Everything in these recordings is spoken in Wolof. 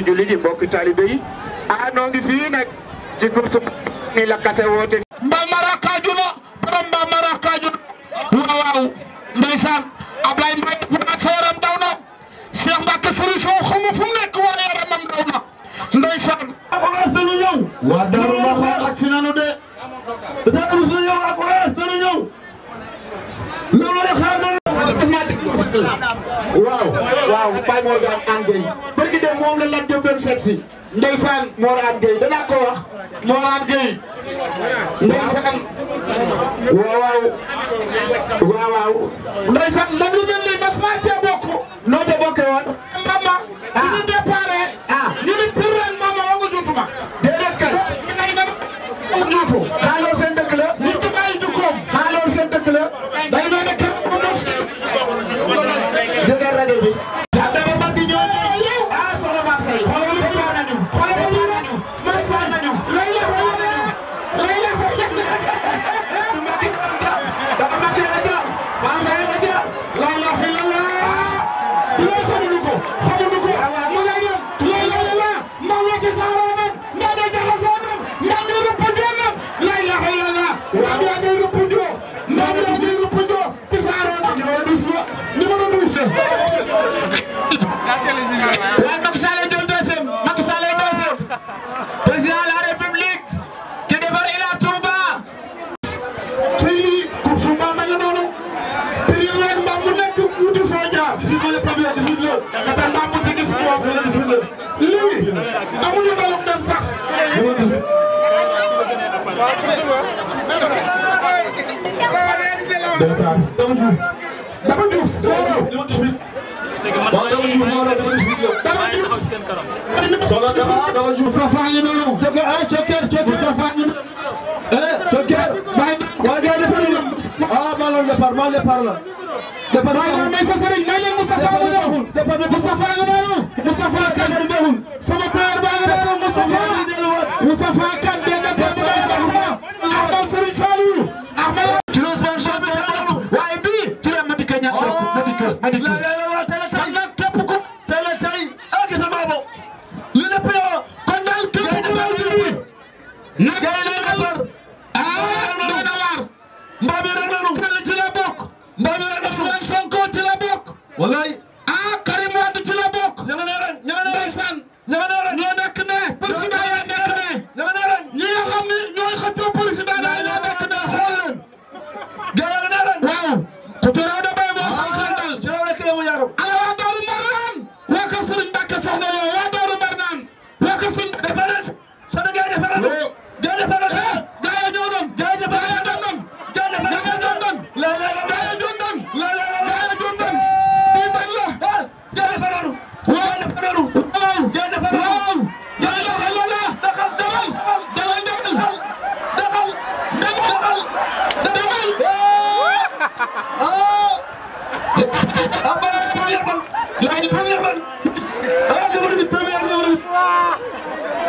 mbokki jullit yi mbokki taalibe yi a ah, noo ngi fii nag ci groupe su ni la kase woote mbaa mara kaajuna borom mbaa mara kaajuna waaw waaw ndeysaan Ablaye Mbaye dafa sa yaram daw na Cheikh Mbacke Serigne Sow xamu fu mu nekk waaye yaramam daw na ndeysaan ak oras dañu ñëw waa Daaru Marnaan ak si nanu de dafa us na ñëw ak oras dañu ñëw loolu la xaar na waaw waaw Baye Mor Dame An Gueye bërgi dem moom la laaj jëm doon seet si ndeysaan Mor An Gueye danaa ko wax Mor An Gueye ndeysaan waaw waaw waaw waaw ndeysaan nag lu mel ni mas naa cee bokk noo ca bokkee woon mama ah ñu départ ah ñu ni pour ren mama wa nga juutuma déedéet kay ngay nag juutu xaaloo seen dëkk la nit di bàyyi jukkoom xaaloo seen dëkk la day mel ne kër bu jóge rajo bi numéro 12. waaye Macky Sall jël deuxième Macky Sall deuxième président de la république ki defar Ila Touba. tey ku fu mbaam a ngi noonu. tey rek mbaam mu nekk wuti foo jaar. 18 le premier 18 le. nga tax mbaam mu ci gis ñu wax dëgg 18 le. lii amuñu mbalum dem sax. numéro 18. deux cent deux jours. Mustafa adi ko la tele tay nak tepp ko tele tay ak sama bo li lepp yo kon dal tepp ko na première balle joxe na première balle ah numéro bi première numéro bi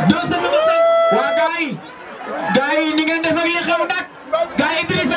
deuxième numéro cinq waa gars yi gars yi ni ngeen def ak yi xew nag gars yi